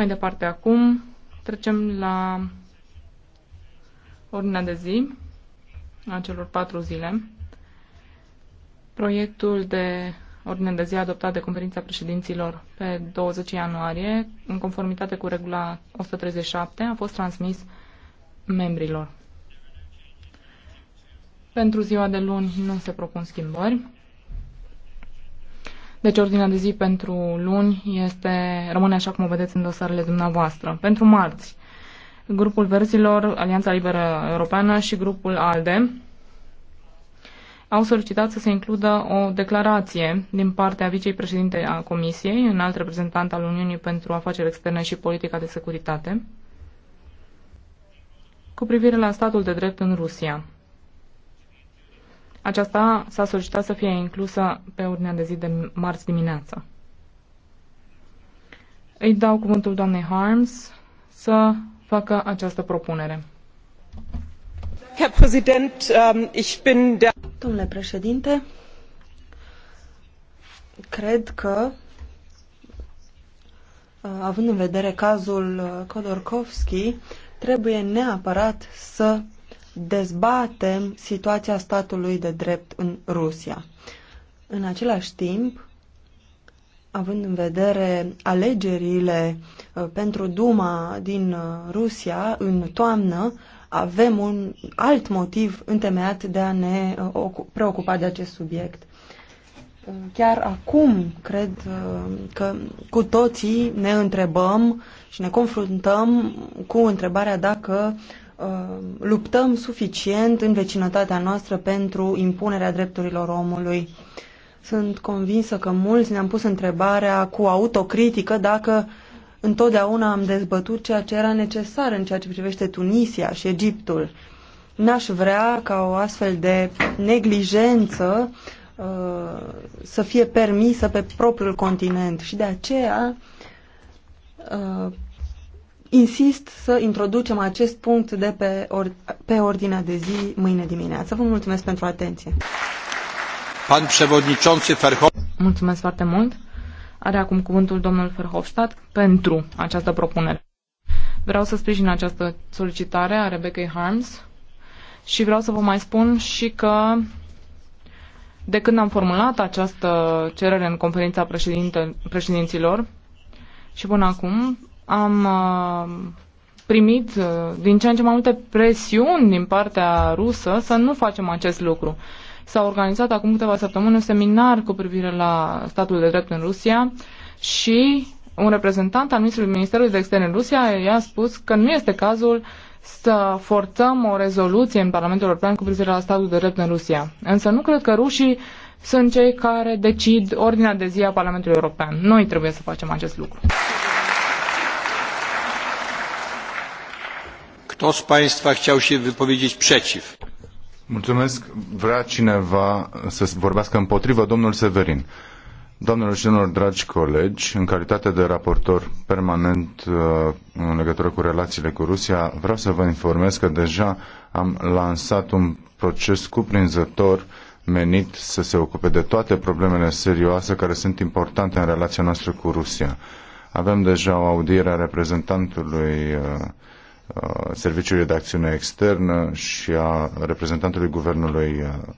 Mai departe acum trecem la ordinea de zi a celor patru zile. Proiectul de ordine de zi adoptat de conferința președinților pe 20 ianuarie, în conformitate cu regula 137, a fost transmis membrilor. Pentru ziua de luni nu se propun schimbări. Deci ordinea de zi pentru luni este, rămâne așa cum o vedeți în dosarele dumneavoastră. Pentru marți, grupul Verzilor, Alianța Liberă Europeană și grupul ALDE au solicitat să se includă o declarație din partea vicepreședinte a Comisiei, un alt reprezentant al Uniunii pentru Afaceri Externe și Politica de Securitate, cu privire la statul de drept în Rusia. Aceasta s-a solicitat să fie inclusă pe ordinea de zi de marți dimineață. Îi dau cuvântul doamnei Harms să facă această propunere. Ähm, Domnule președinte, cred că, uh, având în vedere cazul uh, Khodorkovski, trebuie neapărat să dezbatem situația statului de drept în Rusia. În același timp, având în vedere alegerile uh, pentru Duma din uh, Rusia în toamnă, avem un alt motiv întemeiat de a ne uh, preocupa de acest subiect. Chiar acum cred că cu toții ne întrebăm și ne confruntăm cu întrebarea dacă Uh, luptăm suficient în vecinătatea noastră pentru impunerea drepturilor omului. Sunt convinsă că mulți ne-am pus întrebarea cu autocritică dacă întotdeauna am dezbătut ceea ce era necesar în ceea ce privește Tunisia și Egiptul. N-aș vrea ca o astfel de neglijență uh, să fie permisă pe propriul continent și de aceea uh, insist să introducem acest punct de pe, or, pe ordinea de zi mâine dimineață. Vă mulțumesc pentru atenție. Pan Mulțumesc foarte mult. Are acum cuvântul domnul Ferhofstadt pentru această propunere. Vreau să sprijin această solicitare a Rebecca Harms și vreau să vă mai spun și că de când am formulat această cerere în conferința președinților și până acum am uh, primit uh, din ce în ce mai multe presiuni din partea rusă să nu facem acest lucru. S-a organizat acum câteva săptămâni un seminar cu privire la statul de drept în Rusia și un reprezentant al Ministrului Ministerului de Externe în Rusia i-a spus că nu este cazul să forțăm o rezoluție în Parlamentul European cu privire la statul de drept în Rusia. Însă nu cred că rușii sunt cei care decid ordinea de zi a Parlamentului European. Noi trebuie să facem acest lucru. Kto z Państwa chciał się wypowiedzieć przeciw? Mulțumesc. Vrea cineva să vorbească împotrivă? Domnul Severin. Doamnelor și domnilor, dragi colegi, în calitate de raportor permanent uh, în legătură cu relațiile cu Rusia, vreau să vă informez că deja am lansat un proces cuprinzător menit să se ocupe de toate problemele serioase care sunt importante în relația noastră cu Rusia. Avem deja o audiere a reprezentantului uh, Uh, Serviciului de Acțiune Externă și a reprezentantului Guvernului uh,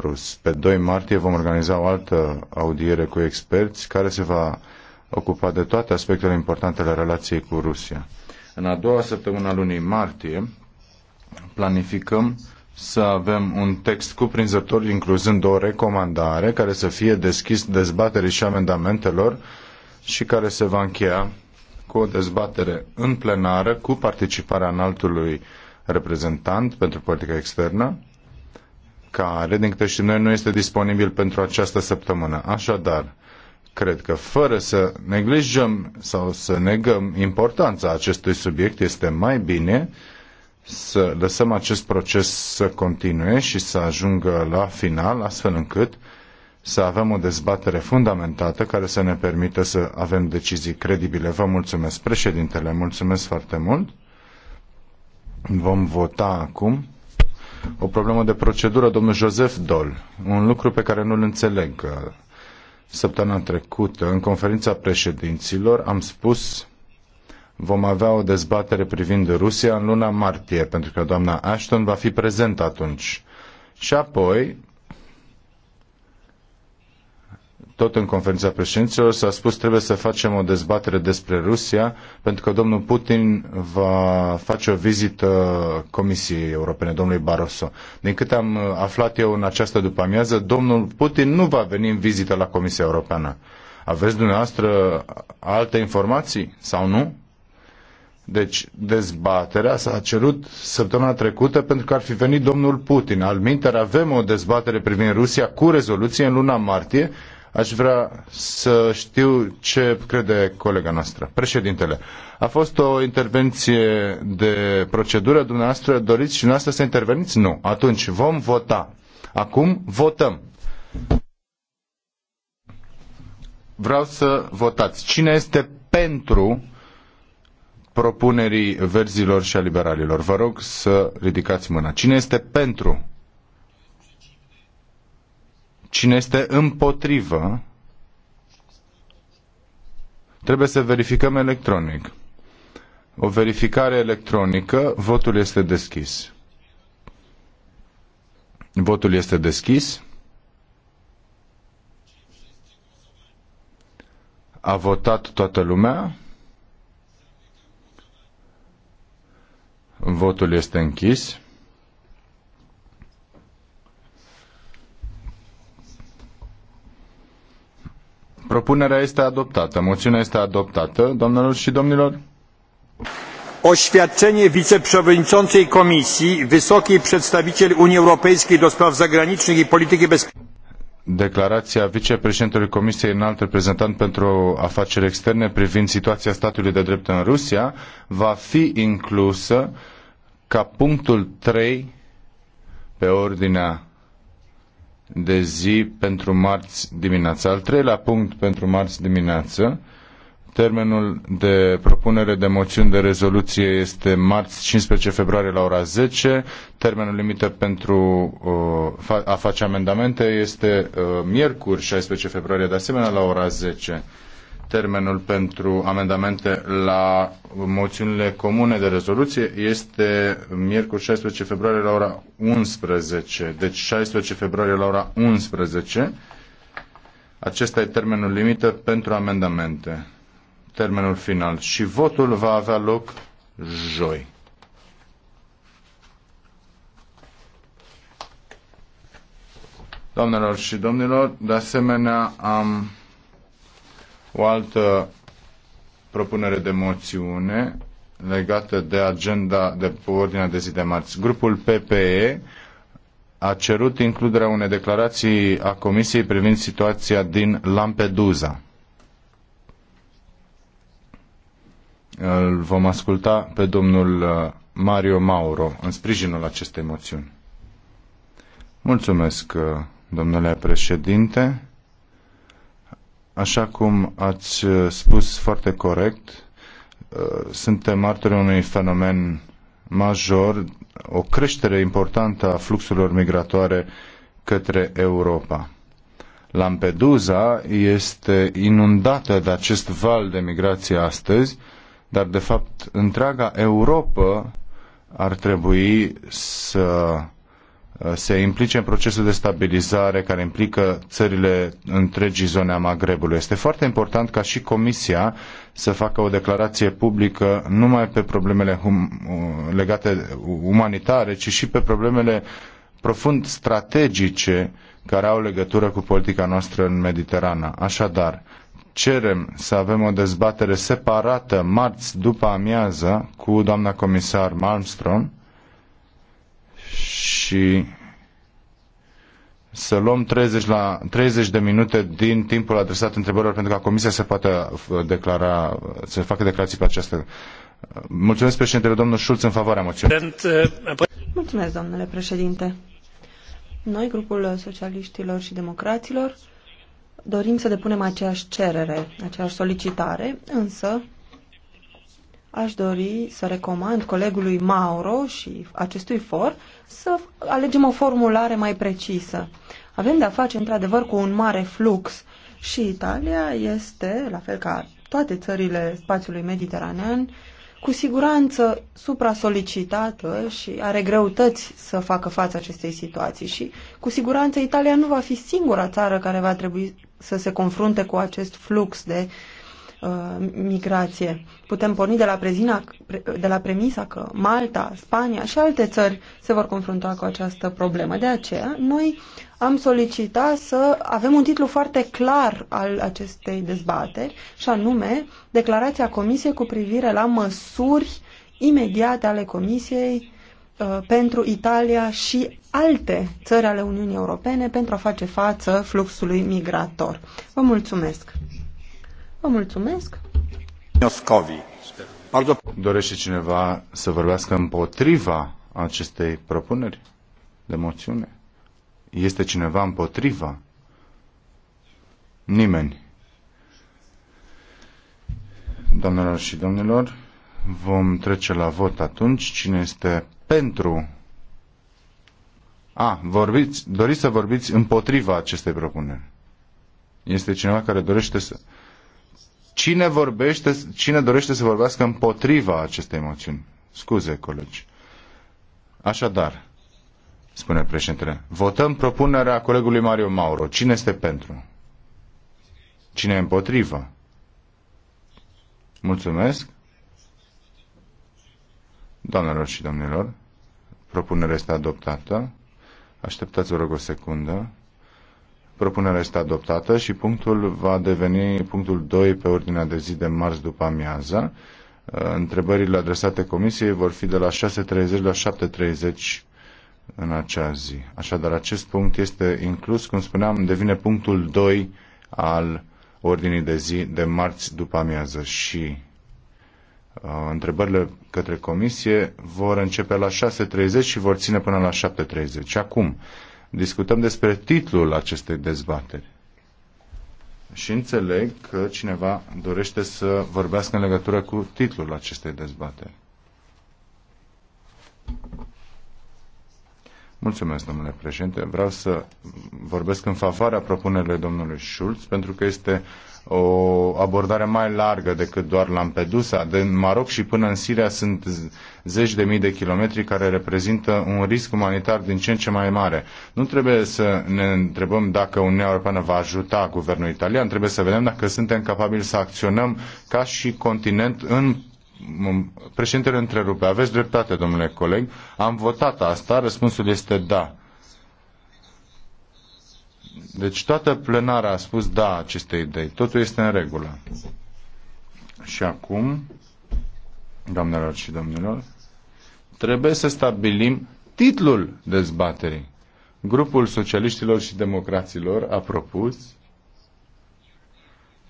rus. Pe 2 martie vom organiza o altă audiere cu experți care se va ocupa de toate aspectele importante ale relației cu Rusia. În a doua săptămână a lunii martie planificăm să avem un text cuprinzător incluzând o recomandare care să fie deschis dezbaterii și amendamentelor și care se va încheia cu o dezbatere în plenară cu participarea înaltului reprezentant pentru politica externă, care, din câte știm noi, nu este disponibil pentru această săptămână. Așadar, cred că fără să neglijăm sau să negăm importanța acestui subiect, este mai bine să lăsăm acest proces să continue și să ajungă la final, astfel încât să avem o dezbatere fundamentată care să ne permită să avem decizii credibile. Vă mulțumesc, președintele, mulțumesc foarte mult. Vom vota acum o problemă de procedură, domnul Joseph Dol, un lucru pe care nu-l înțeleg. Săptămâna trecută, în conferința președinților, am spus vom avea o dezbatere privind Rusia în luna martie, pentru că doamna Ashton va fi prezentă atunci. Și apoi, tot în conferința președinților, s-a spus trebuie să facem o dezbatere despre Rusia, pentru că domnul Putin va face o vizită Comisiei Europene, domnului Barroso. Din câte am uh, aflat eu în această după-amiază, domnul Putin nu va veni în vizită la Comisia Europeană. Aveți dumneavoastră alte informații sau nu? Deci dezbaterea s-a cerut săptămâna trecută pentru că ar fi venit domnul Putin. Al minter avem o dezbatere privind Rusia cu rezoluție în luna martie Aș vrea să știu ce crede colega noastră. Președintele, a fost o intervenție de procedură. Dumneavoastră doriți și noastră să interveniți? Nu. Atunci vom vota. Acum votăm. Vreau să votați. Cine este pentru propunerii verzilor și a liberalilor? Vă rog să ridicați mâna. Cine este pentru? Cine este împotrivă, trebuie să verificăm electronic. O verificare electronică, votul este deschis. Votul este deschis. A votat toată lumea. Votul este închis. Propunerea este adoptată. Moțiunea este adoptată. Doamnelor și domnilor. Oświadczenie wiceprzewodniczącej Komisji Wysokiej Przedstawiciel Unii Europejskiej do Spraw Zagranicznych i Polityki Bezpieczeństwa declarația vicepreședintelui Comisiei Înalt Reprezentant pentru Afaceri Externe privind situația statului de drept în Rusia va fi inclusă ca punctul 3 pe ordinea de zi pentru marți dimineața. Al treilea punct pentru marți dimineață, termenul de propunere de moțiuni de rezoluție este marți 15 februarie la ora 10. Termenul limită pentru uh, a face amendamente este uh, miercuri 16 februarie de asemenea la ora 10 termenul pentru amendamente la moțiunile comune de rezoluție este miercuri 16 februarie la ora 11. Deci 16 februarie la ora 11. Acesta e termenul limită pentru amendamente. Termenul final. Și votul va avea loc joi. Doamnelor și domnilor, de asemenea am o altă propunere de moțiune legată de agenda de pe ordinea de zi de marți. Grupul PPE a cerut includerea unei declarații a Comisiei privind situația din Lampedusa. Îl vom asculta pe domnul uh, Mario Mauro în sprijinul acestei moțiuni. Mulțumesc, uh, domnule președinte. Așa cum ați uh, spus foarte corect, uh, suntem martori unui fenomen major, o creștere importantă a fluxurilor migratoare către Europa. Lampedusa este inundată de acest val de migrație astăzi, dar de fapt întreaga Europa ar trebui să Uh, se implice în procesul de stabilizare care implică țările întregii zone a Magrebului. Este foarte important ca și Comisia să facă o declarație publică numai pe problemele hum- uh, legate umanitare, ci și pe problemele profund strategice care au legătură cu politica noastră în Mediterana. Așadar, cerem să avem o dezbatere separată marți după amiază cu doamna comisar Malmström și să luăm 30, la, 30 de minute din timpul adresat întrebărilor pentru ca comisia să poată uh, declara, uh, să facă declarații pe această. Uh, mulțumesc președintele domnul Schulz în favoarea moțiunii. Mulțumesc domnule președinte. Noi, grupul socialiștilor și democraților, dorim să depunem aceeași cerere, aceeași solicitare, însă aș dori să recomand colegului Mauro și acestui for să alegem o formulare mai precisă. Avem de-a face, într-adevăr, cu un mare flux și Italia este, la fel ca toate țările spațiului mediteranean, cu siguranță supra-solicitată și are greutăți să facă față acestei situații și cu siguranță Italia nu va fi singura țară care va trebui să se confrunte cu acest flux de uh, Uh, migrație. Putem porni de la, prezina, de la premisa că Malta, Spania și alte țări se vor confrunta cu această problemă. De aceea, noi am solicitat să avem un titlu foarte clar al acestei dezbateri, și anume Declarația Comisiei cu privire la măsuri imediate ale Comisiei uh, pentru Italia și alte țări ale Uniunii Europene pentru a face față fluxului migrator. Vă mulțumesc! Vă mulțumesc. Dorește cineva să vorbească împotriva acestei propuneri de moțiune? Este cineva împotriva? Nimeni. Doamnelor și domnilor, vom trece la vot atunci. Cine este pentru? A, vorbiți, doriți să vorbiți împotriva acestei propuneri. Este cineva care dorește să... Cine, vorbește, cine dorește să vorbească împotriva acestei moțiuni? Scuze, colegi. Așadar, spune președintele, votăm propunerea colegului Mario Mauro. Cine este pentru? Cine e împotriva? Mulțumesc. Doamnelor și domnilor, propunerea este adoptată. Așteptați, vă rog, o secundă. Propunerea este adoptată și punctul va deveni punctul 2 pe ordinea de zi de marți după amiază. Uh, întrebările adresate comisiei vor fi de la 6.30 la 7.30 în acea zi. Așadar, acest punct este inclus, cum spuneam, devine punctul 2 al ordinii de zi de marți după amiază și uh, întrebările către comisie vor începe la 6.30 și vor ține până la 7.30. Acum, discutăm despre titlul acestei dezbateri. Și înțeleg că cineva dorește să vorbească în legătură cu titlul acestei dezbateri. Mulțumesc, domnule președinte. Vreau să vorbesc în favoarea propunerii domnului Schulz, pentru că este o abordare mai largă decât doar Lampedusa. De Maroc și până în Siria sunt zeci de mii de kilometri care reprezintă un risc umanitar din ce în ce mai mare. Nu trebuie să ne întrebăm dacă Uniunea Europeană va ajuta guvernul italian, trebuie să vedem dacă suntem capabili să acționăm ca și continent în Președintele întrerupe. Aveți dreptate, domnule coleg. Am votat asta. Răspunsul este da. Deci toată plenara a spus da acestei idei. Totul este în regulă. Și acum, doamnelor și domnilor, trebuie să stabilim titlul dezbaterii. Grupul Socialiștilor și Democraților a propus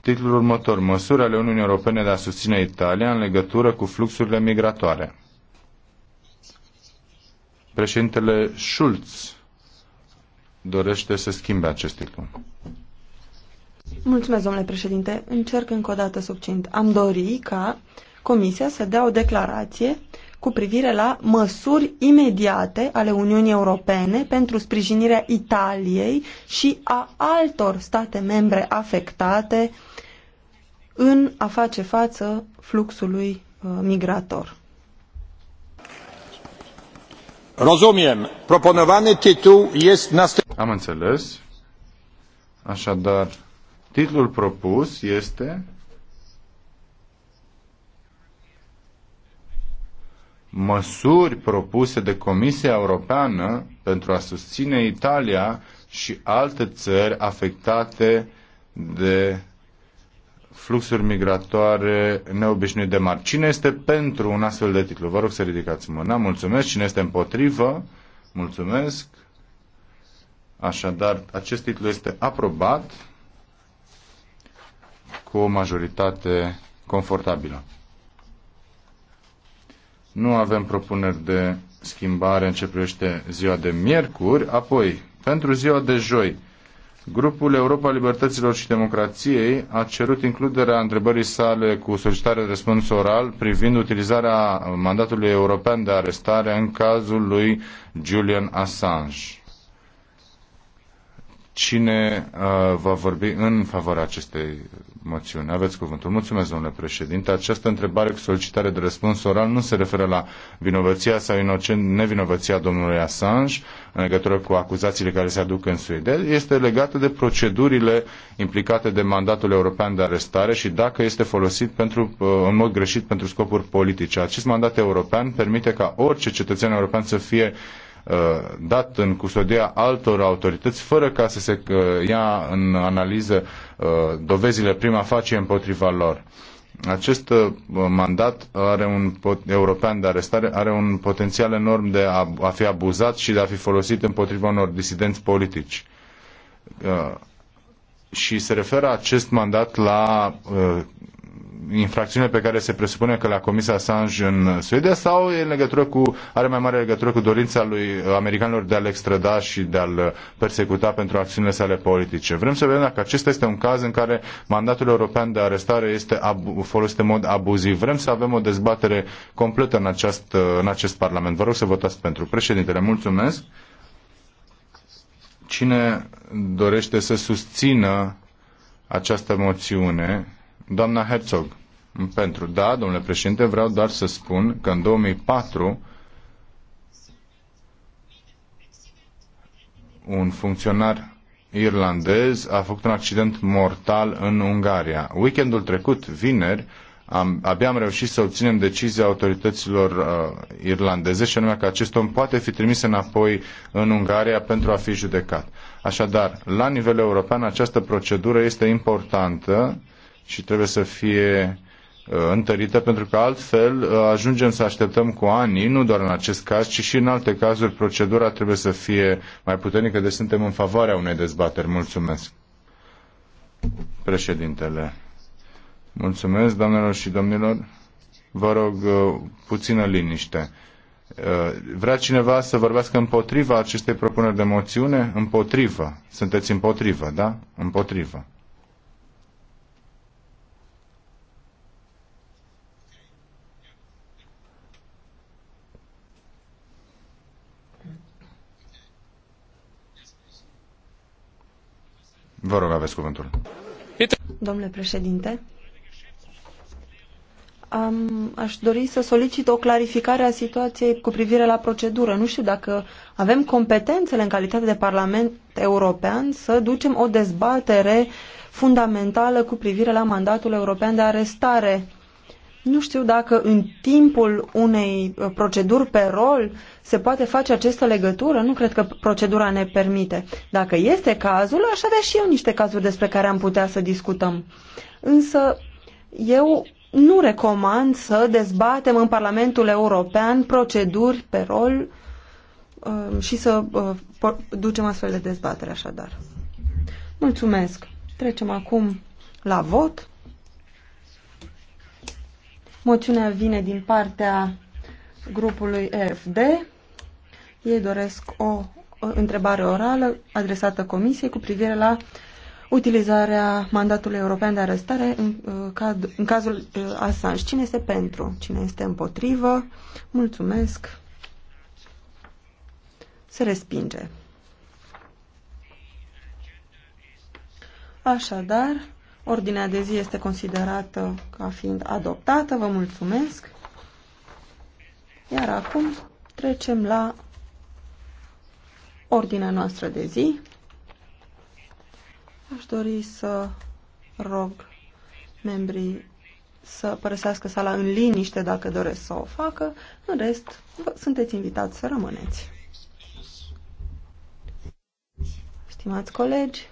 titlul următor, măsuri ale Uniunii Europene de a susține Italia în legătură cu fluxurile migratoare. Președintele Schulz dorește să schimbe acest titlu. Mulțumesc, domnule președinte. Încerc încă o dată succint. Am dori ca Comisia să dea o declarație cu privire la măsuri imediate ale Uniunii Europene pentru sprijinirea Italiei și a altor state membre afectate în a face față fluxului uh, migrator. Rozumiem. Proponowany tytuł jest następny. Am înțeles. Așadar, titlul propus este măsuri propuse de Comisia Europeană pentru a susține Italia și alte țări afectate de fluxuri migratoare neobișnuit de mari. Cine este pentru un astfel de titlu? Vă rog să ridicați mâna. Mulțumesc. Cine este împotrivă? Mulțumesc. Așadar, acest titlu este aprobat cu o majoritate confortabilă. Nu avem propuneri de schimbare în ce privește ziua de miercuri, apoi, pentru ziua de joi, Grupul Europa Libertăților și Democrației a cerut includerea întrebării sale cu solicitare de răspuns oral privind utilizarea mandatului european de arestare în cazul lui Julian Assange. Cine uh, va vorbi în favoarea acestei moțiuni? Aveți cuvântul. Mulțumesc, domnule președinte. Această întrebare cu solicitare de răspuns oral nu se referă la vinovăția sau inocent, nevinovăția domnului Assange în legătură cu acuzațiile care se aduc în Suedia. Este legată de procedurile implicate de mandatul european de arestare și dacă este folosit pentru, uh, în mod greșit pentru scopuri politice. Acest mandat european permite ca orice cetățean european să fie Uh, dat în custodia altor autorități fără ca să se uh, ia în analiză uh, dovezile prima facie împotriva lor. Acest mandat are un european de arestare are un potențial enorm de a, a fi abuzat și de a fi folosit împotriva unor disidenți politici și se referă acest mandat la uh, infracțiunile pe care se presupune că le-a comis Assange în Suedia sau e în legătură cu, are mai mare legătură cu dorința lui americanilor de a-l extrada și de a-l persecuta pentru acțiunile sale politice. Vrem să vedem dacă acesta este un caz în care mandatul european de arestare este folosit în mod abuziv. Vrem să avem o dezbatere completă în, aceast, în acest Parlament. Vă rog să votați pentru. Președintele, mulțumesc. Cine dorește să susțină această moțiune Doamna Herzog, mm, pentru da, domnule președinte, vreau doar să spun că în 2004 un funcționar irlandez a făcut un accident mortal în Ungaria. Weekendul trecut, vineri, am, abia am reușit să obținem decizia autorităților uh, irlandeze și anume că acest om poate fi trimis înapoi în Ungaria pentru a fi judecat. Așadar, la nivel european, această procedură este importantă uh, și trebuie să fie uh, întărită, pentru că altfel uh, ajungem să așteptăm cu ani, nu doar în acest caz, ci și în alte cazuri, procedura trebuie să fie mai puternică, deci suntem în favoarea unei dezbateri. Mulțumesc. Președintele. Mulțumesc, doamnelor și domnilor. Vă rog uh, puțină liniște. Vrea cineva să vorbească împotriva acestei propuneri de moțiune? Împotrivă. Sunteți împotrivă, da? Împotrivă. Vă rog, aveți cuvântul. Domnule președinte, am, aș dori să solicit o clarificare a situației cu privire la procedură. Nu știu dacă avem competențele în calitate de Parlament European să ducem o dezbatere fundamentală cu privire la mandatul european de arestare nu știu dacă în timpul unei uh, proceduri pe rol se poate face această legătură. Nu cred că procedura ne permite. Dacă este cazul, aș avea și eu niște cazuri despre care am putea să discutăm. Însă eu nu recomand să dezbatem în Parlamentul European proceduri pe rol uh, și să uh, ducem astfel de dezbatere așadar. Mulțumesc. Trecem acum la vot. Moțiunea vine din partea grupului EFD. Ei doresc o întrebare orală adresată Comisiei cu privire la utilizarea mandatului european de arestare în, uh, cad, în cazul uh, Assange. Cine este pentru? Cine este împotrivă? Mulțumesc. Se respinge. Așadar, Ordinea de zi este considerată ca fiind adoptată. Vă mulțumesc. Iar acum trecem la ordinea noastră de zi. Aș dori să rog membrii să părăsească sala în liniște dacă doresc să o facă. În rest, vă, sunteți invitați să rămâneți. Stimați colegi,